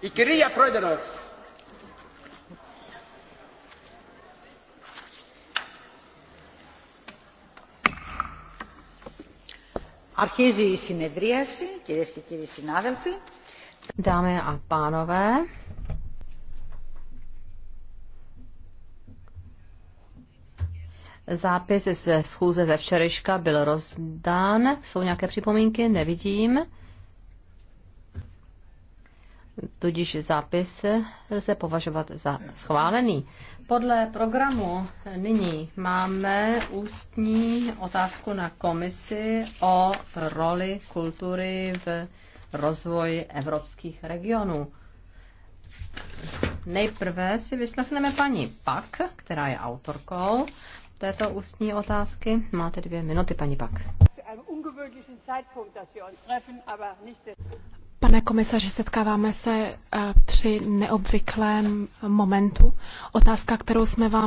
Η κυρία Πρόεδρος. Αρχίζει η συνεδρίαση, κυρίες και κύριοι συνάδελφοι. Dámy a pánové, zápis ze schůze ze včerejška byl rozdán. Jsou nějaké připomínky? Nevidím. Tudíž zápis se považovat za schválený. Podle programu nyní máme ústní otázku na komisi o roli kultury v rozvoji evropských regionů. Nejprve si vyslechneme paní Pak, která je autorkou této ústní otázky. Máte dvě minuty, paní Pak. Pane komisaři, setkáváme se eh, při neobvyklém momentu. Otázka, kterou jsme vám